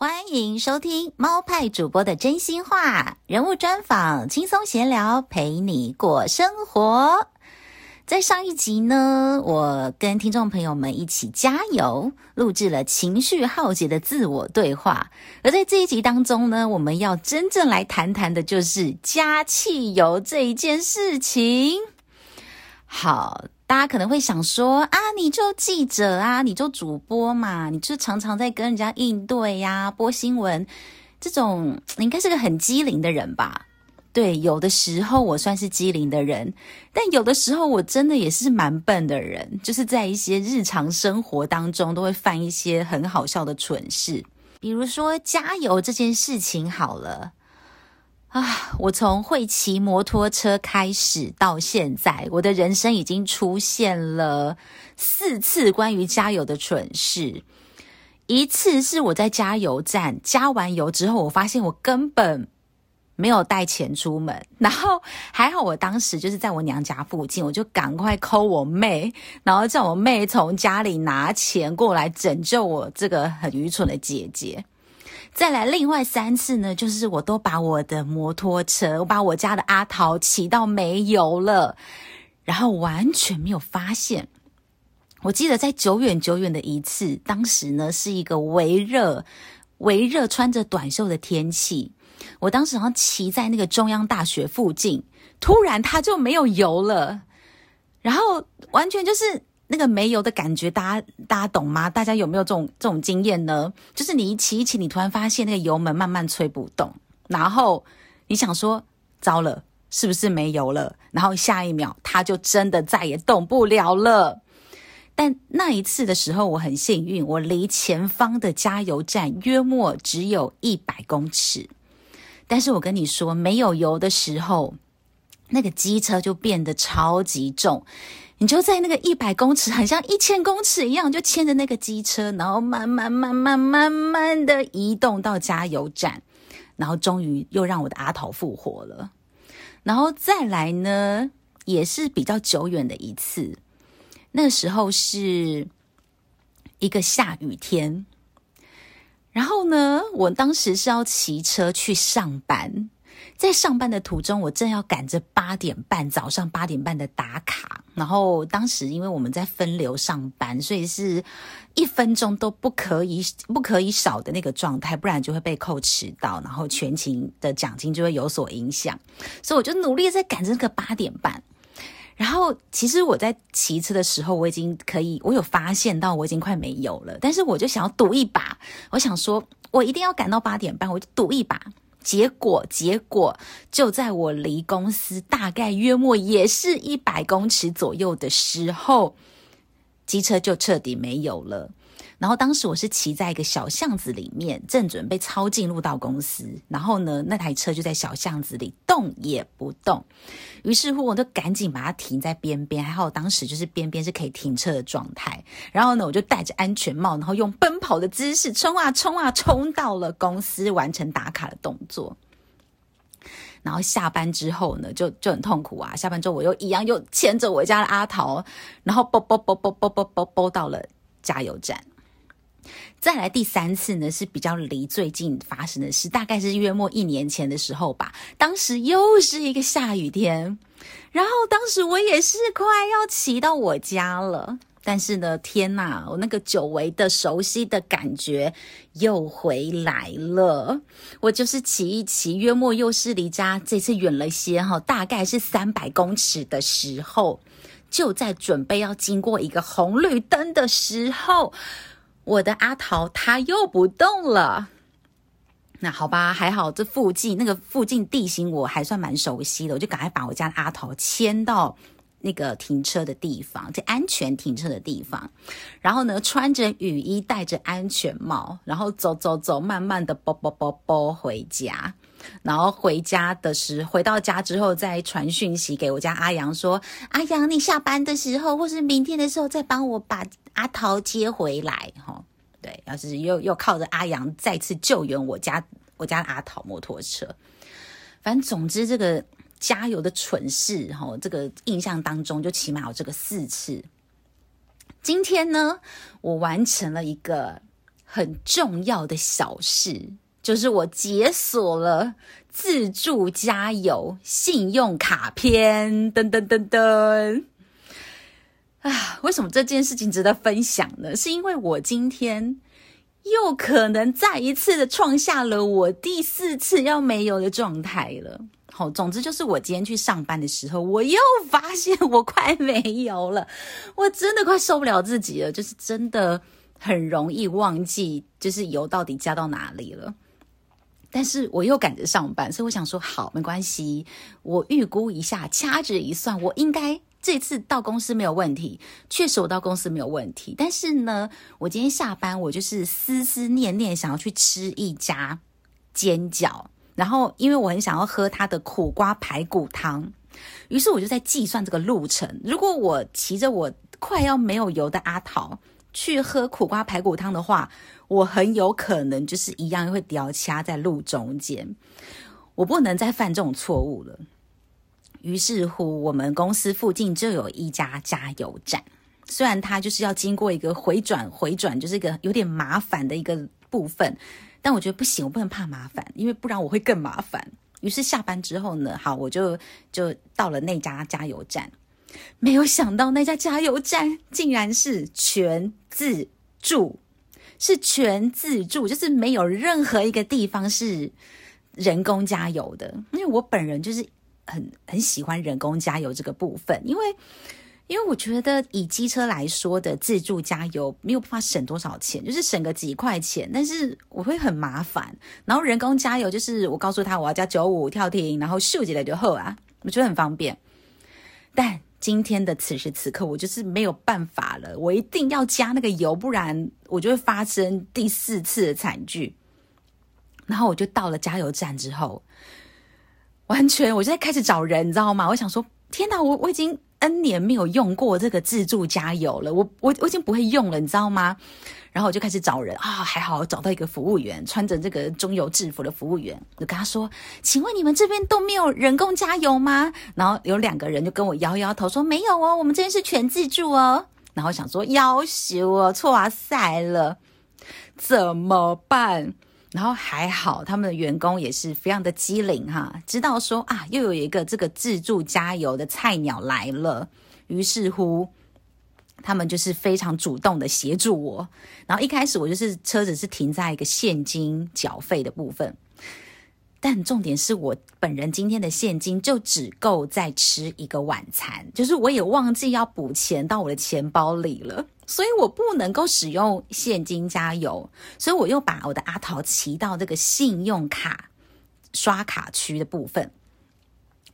歡迎收聽貓派主播的真心話人物專訪，輕鬆閒聊，陪你過生活。在上一集呢，我跟聽眾朋友們一起加油，錄製了情緒耗竭的自我對話。而在這一集當中呢，我們要真正來談談的，就是加汽油這一件事情。好。大家可能會想說啊，你做記者啊，你做主播嘛，你就常常在跟人家應對呀、啊，播新聞，這種你應該是個很機靈的人吧？對，有的時候我算是機靈的人，但有的時候我真的也是蠻笨的人，就是在一些日常生活當中都會犯一些很好笑的蠢事，比如說加油這件事情好了。啊！我從會騎摩托車開始到現在，我的人生已經出現了四次關於加油的蠢事。一次是我在加油站加完油之後，我發現我根本沒有帶錢出門，然後還好我當時就是在我娘家附近，我就趕快 call 我妹，然後叫我妹從家裡拿錢過來拯救我這個很愚蠢的姐姐。再來另外三次呢，就是我都把我的摩托車，我把我家的阿桃騎到沒油了，然後完全沒有發現。我記得在久遠久遠的一次，當時呢是一個微熱、微熱穿着短袖的天氣，我當時好像騎在那個中央大學附近，突然它就沒有油了，然後完全就是。那個沒油的感覺，大家大家懂嗎？大家有沒有這種這種經驗呢？就是你騎一騎一騎，你突然發現那個油門慢慢催不動，然後你想說，糟了，是不是沒油了？然後下一秒，它就真的再也動不了了。但那一次的時候，我很幸運，我離前方的加油站約莫只有一百公尺。但是我跟你說，沒有油的時候，那個機車就變得超級重。你就在那個一百公尺，很像一千公尺一樣，就牽着那個機車，然後慢慢、慢慢、慢慢的移動到加油站，然後終於又讓我的阿桃復活了。然後再來呢，也是比較久遠的一次，那時候是一個下雨天，然後呢，我當時是要騎車去上班，在上班的途中，我正要趕着八點半，早上八點半的打卡。然後當時因為我們在分流上班，所以是一分鐘都不可以不可以少的那個狀態，不然就會被扣遲到，然後全勤的獎金就會有所影響。所以我就努力在趕這個八點半。然後其實我在騎車的時候，我已經可以，我有發現到我已經快沒油了。但是我就想要賭一把，我想說我一定要趕到八點半，我就賭一把。結果，結果就在我離公司大概約莫也是一百公尺左右的時候，機車就徹底沒有了。然後當時我是騎在一個小巷子裡面，正準備抄近路到公司，然後呢，那台車就在小巷子裡動也不動，於是乎我就趕緊把它停在邊邊，還好當時就是邊邊是可以停車的狀態。然後呢，我就戴着安全帽，然後用奔跑的姿勢衝啊衝啊衝到了公司，完成打卡的動作。然後下班之後呢，就就很痛苦啊！下班之後我又一樣又牽着我家的阿桃，然後啵啵啵啵啵啵啵啵到了加油站。再來第三次呢，是比較離最近發生的事，大概是約莫一年前的時候吧。當時又是一個下雨天，然後當時我也是快要騎到我家了，但是呢，天哪，我那個久違的熟悉的感覺又回來了。我就是騎一騎，約莫又是離家，這次遠了些哈、哦，大概是三百公尺的時候，就在準備要經過一個紅綠燈的時候。我的阿桃，它又不動了。那好吧，還好這附近那個附近地形我還算蠻熟悉的，我就趕快把我家的阿桃牽到那個停車的地方，這安全停車的地方。然後呢，穿着雨衣，戴着安全帽，然後走走走，慢慢的啵啵啵啵回家。然後回家的時候，回到家之後再傳訊息給我家阿陽說：“阿陽，你下班的時候，或是明天的時候，再幫我把阿桃接回來哦。”哈，對，要是又又靠着阿陽再次救援我家我家的阿桃摩托車。反正總之，這個加油的蠢事，哈、哦，這個印象當中就起碼有這個四次。今天呢，我完成了一個很重要的小事。就是我解鎖了自助加油信用卡片，噔噔噔噔，啊，為什麼這件事情值得分享呢？是因為我今天又可能再一次的創下了我第四次要沒油的狀態了。好，總之就是我今天去上班的時候，我又發現我快沒油了，我真的快受不了自己了，就是真的很容易忘記，就是油到底加到哪裡了。但是我又趕着上班，所以我想說，好，沒關係。我預估一下，掐指一算，我應該這次到公司沒有問題。確實，我到公司沒有問題。但是呢，我今天下班，我就是思思念念想要去吃一家煎餃，然後因為我很想要喝他的苦瓜排骨湯，於是我就在計算這個路程。如果我騎着我快要沒有油的阿桃，去喝苦瓜排骨湯的話，我很有可能就是一樣會掉卡在路中間。我不能再犯這種錯誤了。於是乎，我們公司附近就有一家加油站，雖然它就是要經過一個回轉，回轉就是一個有點麻煩的一個部分，但我覺得不行，我不能怕麻煩，因為不然我會更麻煩。於是下班之後呢，好，我就就到了那家加油站。沒有想到那家加油站竟然是全自助，是全自助，就是沒有任何一個地方是人工加油的。因為我本人就是很很喜歡人工加油這個部分，因為因為我覺得以機車來說的自助加油沒有辦法省多少錢，就是省個幾塊錢，但是我會很麻煩。然後人工加油就是我告訴他我要加九五，跳停，然後秀起來就好啊，我覺得很方便，但。今天的此時此刻，我就是沒有辦法了，我一定要加那個油，不然我就會發生第四次的慘劇。然後我就到了加油站之後，完全，我就在開始找人，你知道嗎？我想說，天哪，我我已經。N 年沒有用過這個自助加油了，我我我已經不會用了，你知道嗎？然後我就開始找人啊、哦，還好找到一個服務員，穿着這個中油制服的服務員，我就跟他說：“請問你們這邊都沒有人工加油嗎？”然後有兩個人就跟我搖搖頭說：“沒有哦，我們這邊是全自助哦。”然後我想說：“要死我錯哇塞了，怎麼辦？”然後還好，他們的員工也是非常的機靈哈，知道說啊，又有一個這個自助加油的菜鳥來了，於是乎，他們就是非常主動的協助我。然後一開始我就是車子是停在一個現金繳費的部分，但重點是我本人今天的現金就只夠再吃一個晚餐，就是我也忘記要補錢到我的錢包裡了。所以我不能夠使用現金加油，所以我又把我的阿桃騎到這個信用卡刷卡區的部分。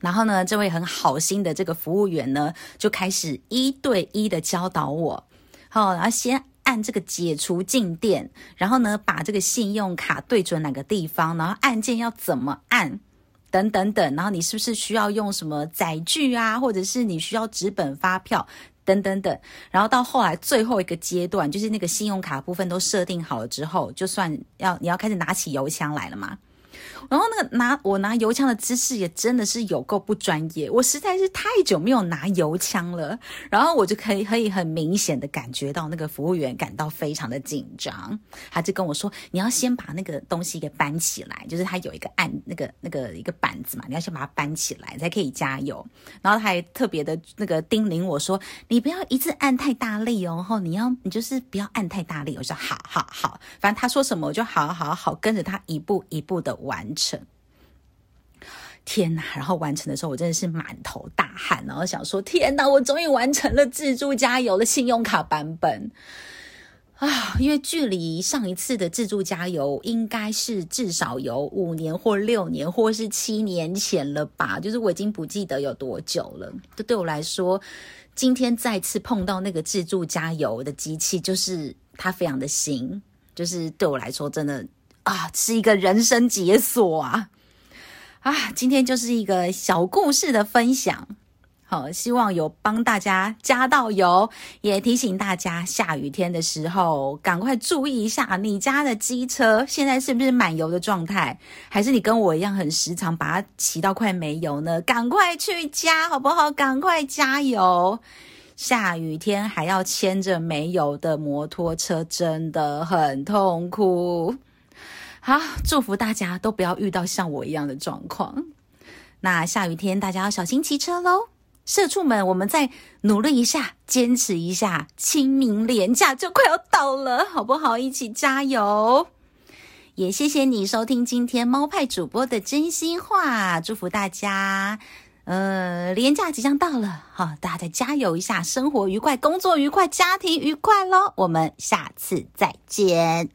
然後呢，這位很好心的這個服務員呢，就開始一對一的教導我。好，然後先按這個解除靜電，然後呢，把這個信用卡對準哪個地方，然後按鍵要怎麼按，等等等。然後你是不是需要用什麼載具啊，或者是你需要紙本發票？等等等，然後到後來最後一個階段，就是那個信用卡部分都設定好了之後，就算要，你要開始拿起油槍來了嘛。然後那個拿我拿油槍的姿勢也真的是有夠不專業，我實在是太久沒有拿油槍了。然後我就可以可以很明顯的感覺到那個服務員感到非常的緊張，他就跟我說：“你要先把那個東西給搬起來，就是他有一個按那個那個一個板子嘛，你要先把它搬起來才可以加油。”然後他還特別的那個叮嚀我說：“你不要一次按太大力哦，然後你要你就是不要按太大力。”我說：「好，好好好，反正他說什麼我就好好好跟着他一步一步的。”完成！天哪！然後完成的時候，我真的是滿頭大汗，然後想說：“天哪！我終於完成了自助加油的信用卡版本啊！”因為距離上一次的自助加油，應該是至少有五年或六年，或是七年前了吧？就是我已經不記得有多久了。這對我來說，今天再次碰到那個自助加油的機器，就是它非常的新，就是對我來說真的。啊，是一個人生解鎖啊！啊，今天就是一個小故事的分享，好，哦，希望有幫大家加到油，也提醒大家下雨天的時候，趕快注意一下你家的機車現在是不是滿油的狀態？還是你跟我一樣很時常把它騎到快沒油呢？趕快去加好不好？趕快加油！下雨天還要牽着沒油的摩托車，真的很痛苦。好，祝福大家都不要遇到像我一樣的狀況。那下雨天大家要小心騎車嘍，社畜們，我們再努力一下，堅持一下，清明連假就快要到了，好不好？一起加油！也謝謝你收聽今天貓派主播的真心話，祝福大家。呃，連假即將到了，好、哦，大家再加油一下，生活愉快，工作愉快，家庭愉快嘍。我們下次再見。